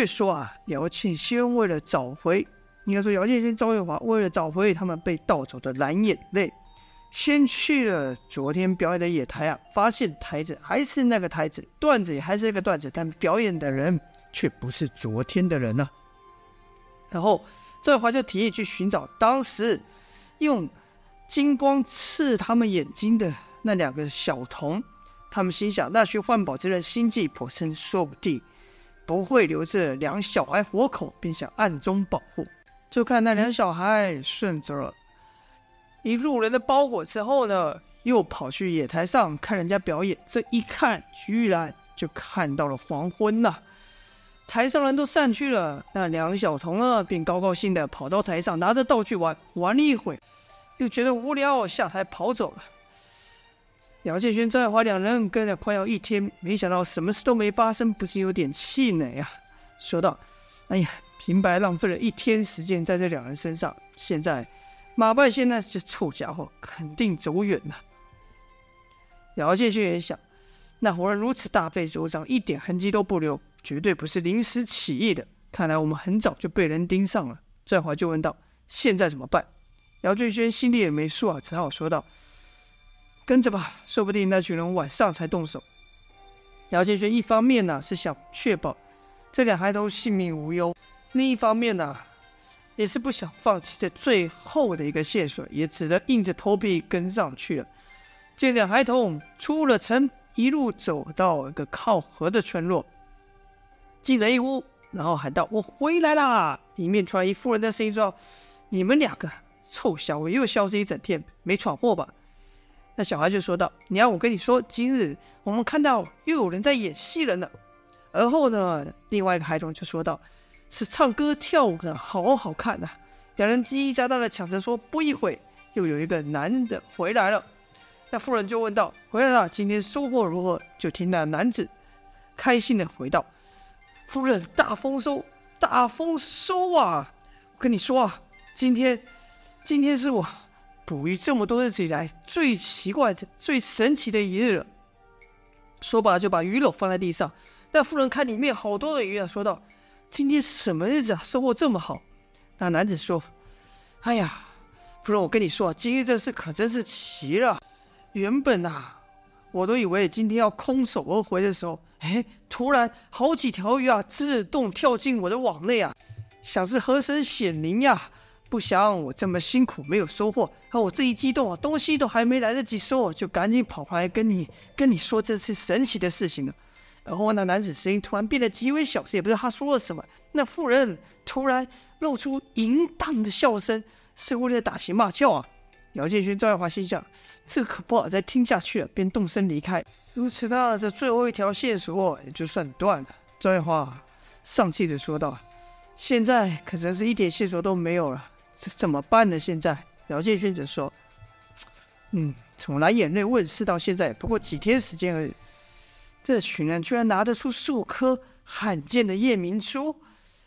卻說啊，姚慶先為了找回，應該說姚慶先、趙月華為了找回他們被盜走的藍眼淚，先去了昨天表演的野臺啊，發現臺子還是那個臺子，段子也還是那個段子，但表演的人卻不是昨天的人了，啊。然後趙月華就提議去尋找當時用金光刺他們眼睛的那兩個小童。他們心想，那徐煥寶這人心計頗深，說不定。不會留着兩小孩活口，並想暗中保護，就看那兩小孩順着了一路人的包裹之後呢，又跑去野台上看人家表演。這一看，居然就看到了黃昏吶，台上人都散去了，那兩小童呢，便高高興興地跑到台上，拿着道具玩，玩了一會，又覺得無聊，下台跑走了。姚建勳、張愛華兩人跟了快要一天，沒想到什麼事都沒發生，不禁有點氣餒啊，說道：“哎呀，平白浪費了一天時間在這兩人身上。現在馬半仙那臭傢伙肯定走遠、啊、了。”姚建勳也想，那夥人如此大費周章，一點痕跡都不留，絕對不是臨時起意的。看來我們很早就被人盯上了。張愛華就問道：“現在怎麼辦？”姚建勳心裡也沒數啊，只好說道。跟着吧，說不定那群人晚上才動手。姚建軒一方面呢、啊、是想確保這兩孩童性命無憂，另一方面呢、啊、也是不想放棄這最後的一個線索，也只能硬着頭皮跟上去了。這兩孩童出了城，一路走到一個靠河的村落，進了一屋，然後喊道：“我回來啦！”裡面傳來一婦人的聲音說：“你們兩個臭小子，又消失一整天，沒闖禍吧？”那小孩就說道：“你要、啊、我跟你說，今日我們看到又有人在演戲了呢。”而後呢，另外一個孩童就說道：“是唱歌跳舞的，好好看吶、啊。”兩人嘰嘰喳喳的搶着說。不一會，又有一個男的回來了。那婦人就問道：“回來了，今天收穫如何？”就聽那男子開心的回道：“夫人大豐收，大豐收啊！我跟你說啊，今天，今天是我。”捕魚這麼多日子以來最奇怪的，最神奇的一日了，說罷就把魚簍放在地上。但夫人看裡面好多的魚啊，說道：“今天什麼日子啊？收穫這麼好？”那男子說：“哎呀，夫人，我跟你說，今天這事可真是奇了。原本啊，我都以為今天要空手而回的時候，哎，突然好幾條魚啊，自動跳進我的網內啊，想是河神顯靈呀。”不想我這麼辛苦沒有收穫，那我這一激動啊，東西都還沒來得及收，就趕緊跑回來跟你跟你說這次神奇的事情了。然後那男子聲音突然變得極為小聲，也不知道他說了什麼。那婦人突然露出淫蕩的笑聲，似乎在打情罵俏啊。姚建勳、趙月華心想，這可不好再聽下去了，便動身離開。如此呢，這最後一條線索也就算斷了。趙月華喪氣的說道：“現在可真是一點線索都沒有了。”這怎麼辦呢？現在，姚建勛則說：“嗯，從藍眼淚問世到現在不過幾天時間而已，這群人居然拿得出數顆罕見的夜明珠，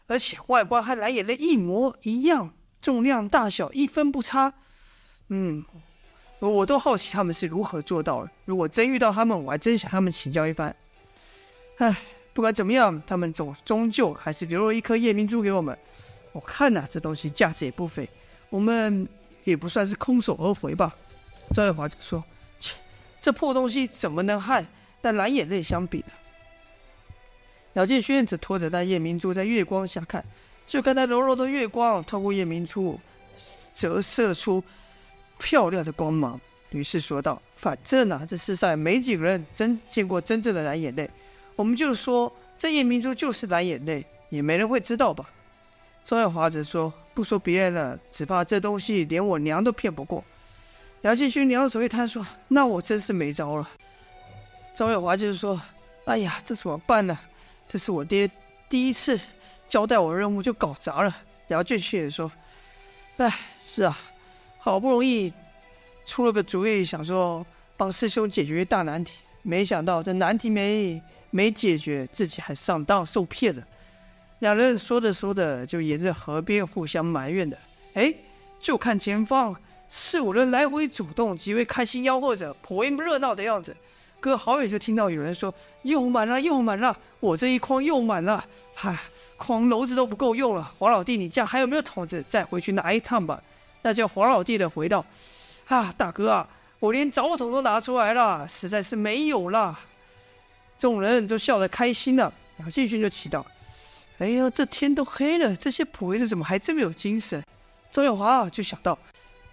而且外觀和藍眼淚一模一樣，重量大小一分不差。嗯，我都好奇他們是如何做到的。如果真遇到他們，我還真想他們請教一番。唉，不管怎麼樣，他們總終究還是留了一顆夜明珠給我們。”我、哦、看吶、啊，這東西價值也不菲，我們也不算是空手而回吧。趙月華就說：“切，這破東西怎麼能和那藍眼淚相比呢？”姚建勳則拖着那夜明珠在月光下看，就看那柔柔的月光透過夜明珠折射出漂亮的光芒。於是說道：“反正呢、啊，這世上沒幾個人真見過真正的藍眼淚。我們就說，這夜明珠就是藍眼淚，也沒人會知道吧。”周耀華則說：“不說別人了，只怕這東西連我娘都騙不過。”姚建勳兩手一攤說：“那我真是沒招了。”周耀華就是說：“哎呀，這怎麼辦呢？這是我爹第一次交代我任務就搞砸了。”姚建勳也說：“哎，是啊，好不容易出了個主意，想說幫師兄解決一大難題，沒想到這難題沒沒解決，自己還上當受騙了。”兩人說着說着，就沿着河邊互相埋怨的。哎，就看前方四五人來回走動，極為開心吆喝着，頗為熱鬧的樣子。隔好遠就聽到有人說：“又滿了，又滿了！我這一筐又滿了，哈，筐簍子都不夠用了。”黃老弟，你家還有沒有桶子？再回去拿一趟吧。那叫黃老弟的回道：“啊，大哥啊，我連澡桶都拿出來了，實在是沒有了。”眾人都笑得開心了。然後繼軍就祈禱。哎呦，這天都黑了，這些捕魚的怎麼還這麼有精神？周永華就想到，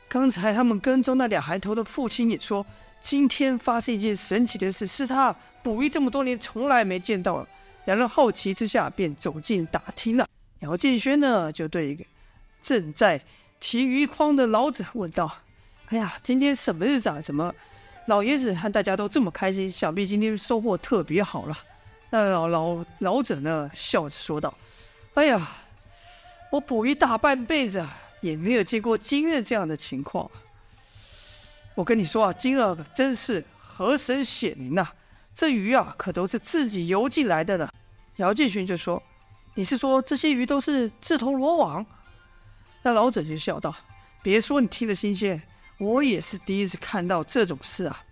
剛才他們跟蹤那倆孩童的父親也說，今天發生一件神奇的事，是他捕魚這麼多年從來沒見到。兩人好奇之下，便走進打聽了。姚建軒呢，就對一個正在提魚筐的老者問道：“哎呀，今天什麼日子啊？怎麼老爺子和大家都這麼開心？想必今天收穫特別好了。”那老老老者呢，笑着說道：“哎呀，我捕魚大半輩子，也沒有見過今日這樣的情況。我跟你說啊，今兒個真是河神顯靈吶！這魚啊，可都是自己游進來的呢。”姚建勛就說：“你是說這些魚都是自投羅網？”那老者就笑道：“別說你聽了新鮮，我也是第一次看到這種事啊。”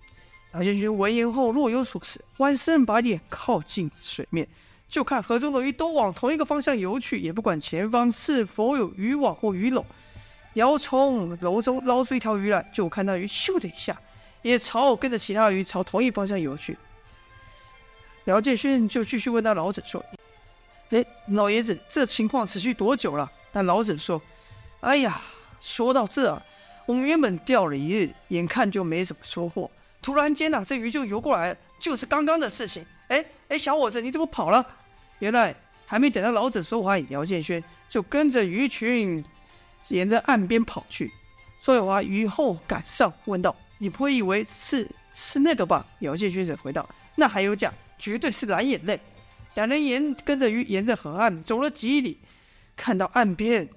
姚建勳聞言後若有所思，彎身把臉靠近水面，就看河中的魚都往同一個方向游去，也不管前方是否有漁網或魚簍，然後從簍中撈出一條魚來，就看到魚咻的一下，也朝跟着其他魚朝同一方向游去。姚建勳就繼續問那老者說：“哎，老爺子，這情況持續多久了？”那老者說：“哎呀，說到這兒，我們原本釣了一日，眼看就沒什麼收穫。”突然間呢，啊，這魚就游過來了，就是剛剛的事情。哎哎，小夥子，你怎麼跑了？原來還沒等到老者說完，姚建軒就跟着魚群沿着岸邊跑去。宋有華魚後趕上，問道：“你不會以為是是那個吧？”姚建軒則回道：“那還有假？絕對是藍眼淚。”兩人沿跟着魚沿着河岸走了幾里，看到岸邊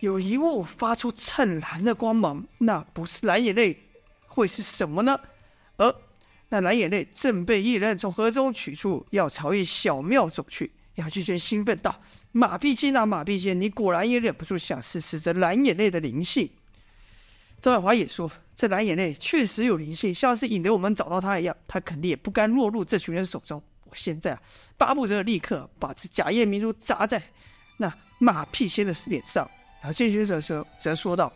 有一物發出湛藍的光芒，那不是藍眼淚，會是什麼呢？而那藍眼淚正被一人從河中取出，要朝一小廟走去。楊巨川興奮道：“馬屁仙啊，馬屁仙，你果然也忍不住想試試這藍眼淚的靈性。”周遠華也說：“這藍眼淚確實有靈性，像是引得我們找到它一樣，它肯定也不甘落入這群人手中。我現在啊，巴不得立刻把這假夜明珠砸在那馬屁仙的臉上。”楊巨川則則說道：“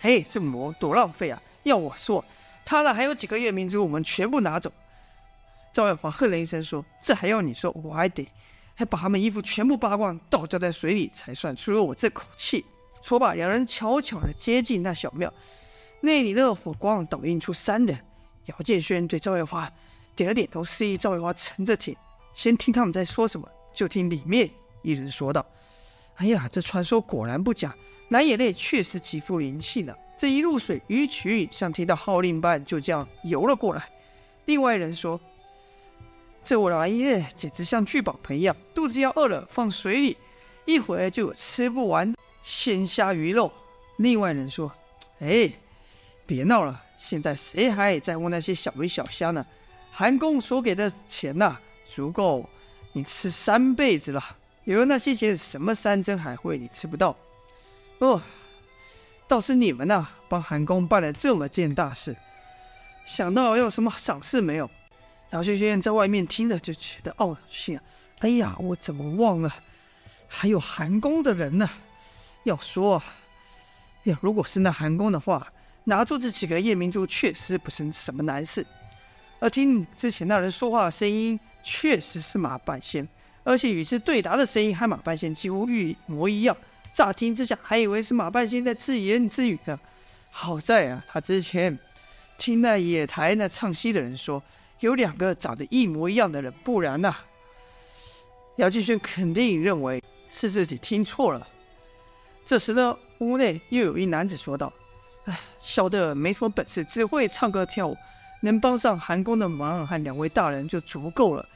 嘿，這麼多浪費啊！要我說。”他那還有幾個月明珠，我們全部拿走。”趙月華哼了一聲說：“這還要你說？我還得還把他們衣服全部扒光，倒掉在水裡才算出了我這口氣。”說罷，兩人悄悄的接近那小廟，那裡的火光倒映出三人。姚建軒對趙月華點了點頭，示意趙月華沉着聽，先聽他們在說什麼。就聽裡面一人說道：“哎呀，這傳說果然不假，藍眼淚確實極富靈氣呢。”這一入水，魚群像聽到號令般，就這樣游了過來。另外人說：“這玩意兒簡直像聚寶盆一樣，肚子要餓了，放水裡，一會兒就有吃不完的鮮蝦魚肉。”另外人說：“哎，別鬧了，現在誰還在乎那些小魚小蝦呢？韓公所給的錢吶，足夠你吃三輩子了。有了那些錢，什麼山珍海味你吃不到哦。”倒是你們呢、啊，幫韓公辦了這麼件大事，想到有什麼賞賜沒有？楊軒軒在外面聽了就覺得懊、哦、啊。哎呀，我怎麼忘了還有韓公的人呢？要說，要如果是那韓公的話，拿住這幾個夜明珠確實不是什麼難事。而聽之前那人說話的聲音，確實是馬半仙，而且與之對答的聲音，和馬半仙幾乎一模一樣。乍聽之下，還以為是馬半仙在自言自語呢。好在啊，他之前聽那野台那唱戲的人說，有兩個長得一模一樣的人，不然呢、啊，姚繼軒肯定認為是自己聽錯了。這時呢，屋內又有一男子說道：“哎，小的沒什麼本事，只會唱歌跳舞，能幫上韓公的忙和兩位大人就足夠了。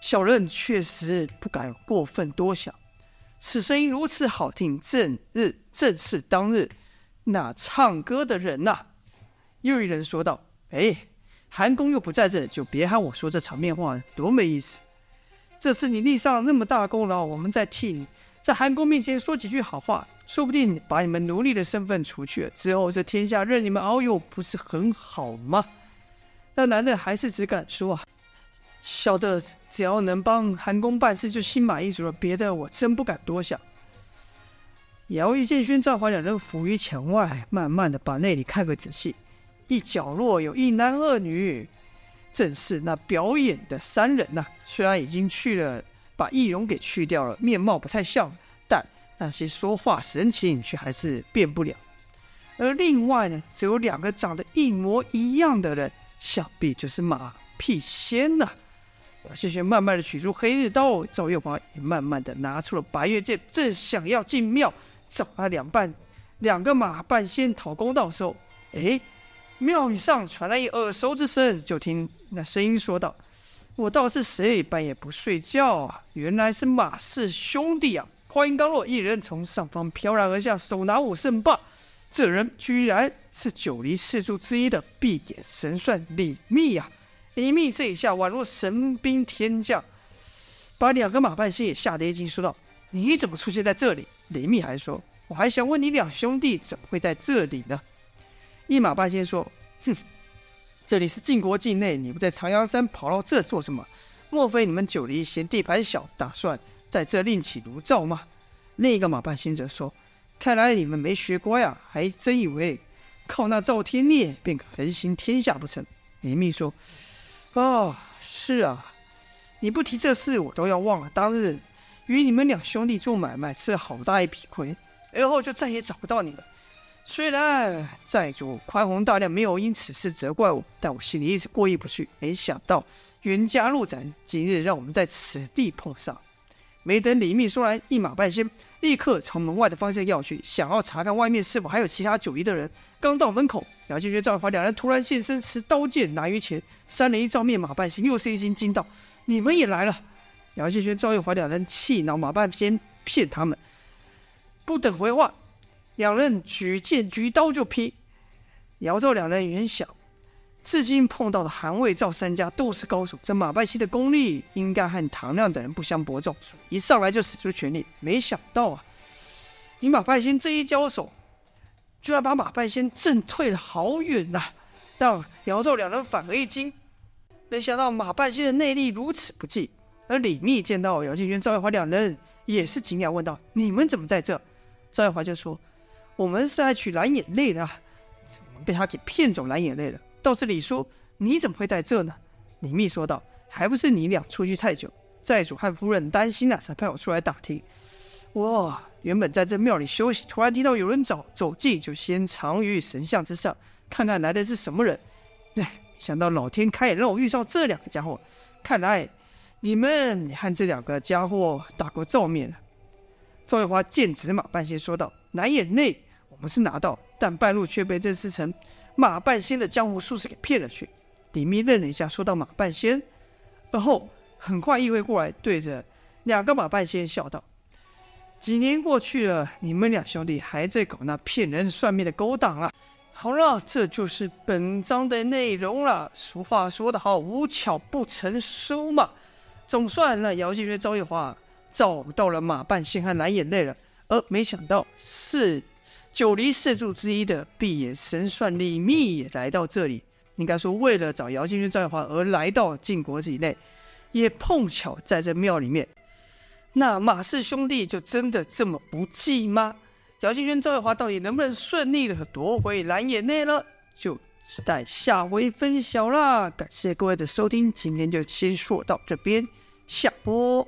小人確實不敢過分多想。”此聲音如此好聽，正日正是當日，那唱歌的人吶、啊，又一人說道：“哎，韓公又不在這，就別和我說這場面話，多沒意思。這次你立下了那麼大功勞，我們再替你在韓公面前說幾句好話，說不定把你們奴隸的身份除去了之後，這天下任你們遨遊，不是很好嗎？”那男的還是只敢說。小的只要能幫韓公辦事就心滿意足了，別的我真不敢多想。姚玉、建勳、趙華兩人伏於牆外，慢慢的把那裡看個仔細。一角落有一男二女，正是那表演的三人吶、啊。雖然已經去了把易容給去掉了，面貌不太像，但那些說話神情卻還是變不了。而另外呢，只有兩個長得一模一樣的人，想必就是馬屁仙了、啊。謝玄，慢慢的取出黑日刀，趙月華也慢慢的拿出了白月劍，正想要進廟找他兩半兩個馬半仙討公道時候，哎，廟宇上傳來一耳熟之聲，就聽那聲音說道：“我道是誰半夜不睡覺啊？原來是馬氏兄弟啊！”話音剛落，一人從上方飄然而下，手拿五聖棒，這人居然是九黎四柱之一的閉眼神算李密啊。李密這一下宛若神兵天降，把兩個馬半仙也嚇得一驚，說道：“你怎麼出現在這裡？”李密還說：“我還想問你兩兄弟怎麼會在這裡呢？”一馬半仙說：“哼，這裡是晉國境內，你不在長陽山跑到這做什麼？莫非你們九黎嫌地盤小，打算在這另起爐灶嗎？”另、那、一個馬半仙則說：“看來你們沒學乖啊，還真以為靠那趙天烈便可橫行天下不成？”李密說。哦，是啊，你不提這事，我都要忘了。當日與你們兩兄弟做買賣，吃了好大一筆虧，而後就再也找不到你了。雖然債主寬宏大量，沒有因此事責怪我，但我心裡一直過意不去。沒想到冤家路窄，今日讓我們在此地碰上。沒等李密說完，一馬半仙。立刻朝門外的方向要去，想要查看外面是否還有其他九夷的人。剛到門口，姚敬軒、趙玉懷兩人突然現身，持刀劍攔於前。三人一照面，馬半仙又是一驚，驚道：“你們也來了！”姚敬軒、趙玉懷兩人氣惱馬半仙騙他們，不等回話，兩人舉劍舉刀就劈。姚趙兩人遠想。至今碰到的韓魏趙三家都是高手，這馬半仙的功力應該和唐亮等人不相伯仲，一上來就使出全力。沒想到啊，與馬半仙這一交手，居然把馬半仙震退了好遠吶、啊！但姚趙兩人反而一驚。沒想到馬半仙的內力如此不濟。而李密見到姚勁軍、趙玉華兩人，也是驚訝問道：“你們怎麼在這？”趙玉華就說：“我們是來取藍眼淚的，怎麼被他給騙走藍眼淚了？”到這裡說，你怎麼會在這呢？李密說道：“還不是你倆出去太久，寨主和夫人擔心了，才派我出來打聽。哇，原本在這廟裡休息，突然聽到有人找，走近就先藏於神像之上，看看來的是什麼人。唉，想到老天開眼，讓我遇上這兩個家伙，看來你們也和這兩個家伙打過照面了。”趙月華見子馬半仙說道：“藍眼淚，我們是拿到，但半路卻被這世成。”馬半仙的江湖術士給騙了去。李密愣了一下，說到馬半仙，而後很快意會過來，對着兩個馬半仙笑道：“幾年過去了，你們倆兄弟還在搞那騙人算命的勾當啊？”好了，這就是本章的內容了。俗話說得好，無巧不成書嘛。總算讓姚敬元、趙玉華找到了馬半仙和藍眼淚了，而沒想到是。九黎四柱之一的碧野神算李密也來到這裡，應該說為了找姚金娟、趙月華而來到靖國境內，也碰巧在這廟裡面。那馬氏兄弟就真的這麼不濟嗎？姚金娟、趙月華到底能不能順利的奪回藍眼內了？就期待下回分曉啦。感謝各位的收聽，今天就先說到這邊，下播。